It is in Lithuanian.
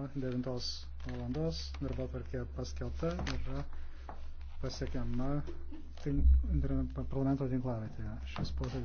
9 valandos darbo tvarkė paskelbta ir pasiekiama tink, parlamento tinklavietėje. Šis posėdis.